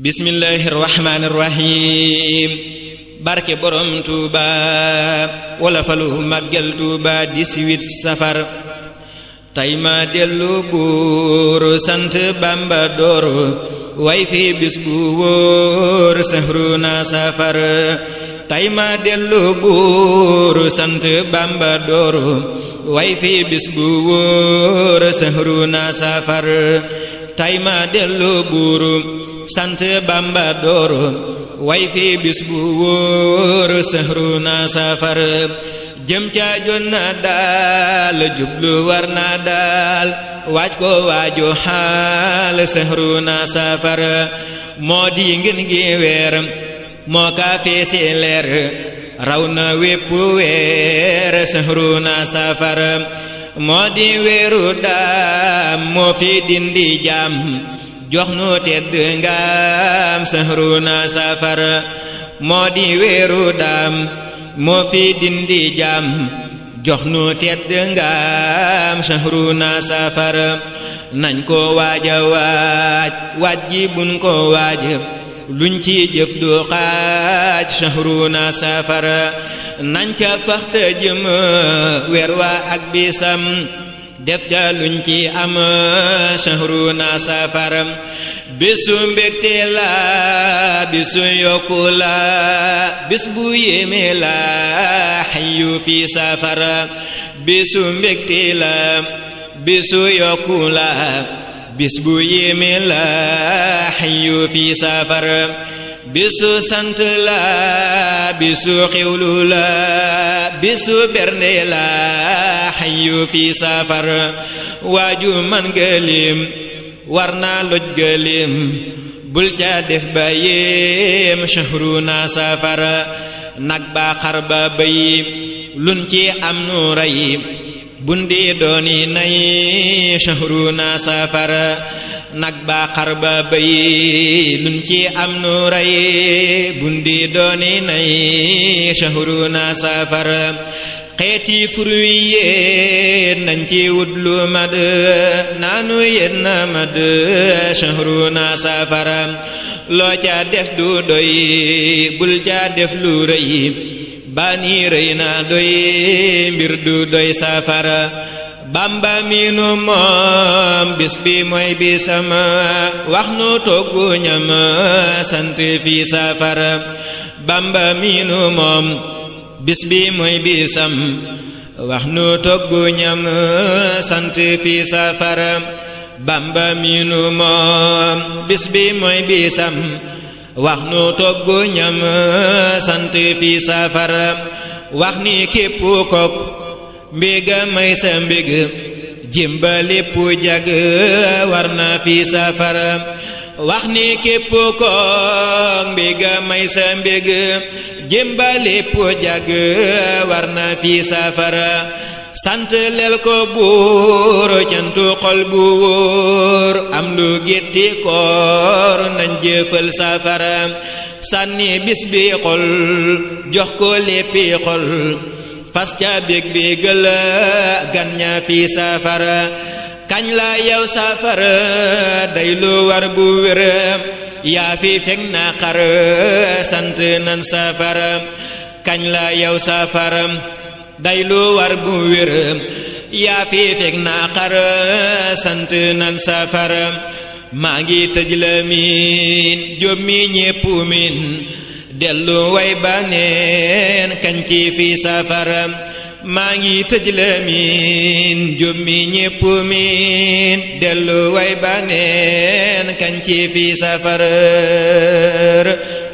Bismillahirrahmanirrahim. barke borom tuba, wala falu màggal tuuba 18 safar tey ma dellu buur sant bamba dooru way fi bis bu sahruna safar tey ma dellu buur sant bamba dooru way fi sahruna safar tey ma Sante Bamba door bis buwur, wóor sahruna safar jëm ca jon na daal jublu war na daal ko waaju hal, sahruna safar moo di gi wer moo ka feesi leer raw na wépp weer sahruna safar moo di weeru fi dindi jox nu tedd ngaam sahruna safar moo di weeru daam moo fi dindi jaam jox nu tedd ngaam sahruna safar nañ ko waaja waaj waaj ji ko waaj luñ ci jëf du xaaj sahruna safar nañ ca faxta jëm weer waa ak bisam def ja ame ci am shahruna safaram bisum mbégte la bisu yokku la bis bu yéeme la fi safara bisu mbégte la bisu yokku la bis bu la fi safara bisu santela bisu xewlu bisu bernela xayu fi safar waaju man gëléem war naa loj gëléem bul ca def ba yéem shahru naa safar nag baa xar ba bëy lun ci am nu rey bundi dooni nay ci am nu rey bundi nay shahru naa safar xeeti fruit yéen nañ ci wut lu mad naanu yéen na mad shahruna safara loo ca def du doy bul ca def lu rëy bani rëy na doy mbir du doy safara bamba miinu moom bis bi mooy bisam wax nu toggu ñam sant fi safara bamba miinu moom Bisbi bi mooy bisam wax nu toggu ñam sant fi safara bamba mi nu moom bis bi bisam nu toggu ñam sant fi safara wax ni kok may sa mbig jimba lépp jag warna na fi safara wax ni képp kok may sa jémba lépp jàgg war na fi saafara sant leel ko cantu xol bu am lu gétti koor nañ jëfal saafara sànni bis bi xol jox ko léppi xol fas ca bég bi gëla gan fi saafara kañ la yow day lu war yaa fi fekk na xar sant nan safara kañ la yow safara day lu war bu wér yaa fi fekk na xar sant nan safara maa ngi tëj la miin jóob mi ñépp miin dellu way ba kañ ki fi safara mangi tejle min jummi ñepp min delu way banen kan fi safar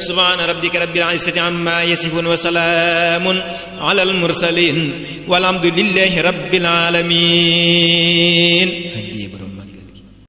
سبحان ربك رب العزة عما يصفون وسلام على المرسلين والحمد لله رب العالمين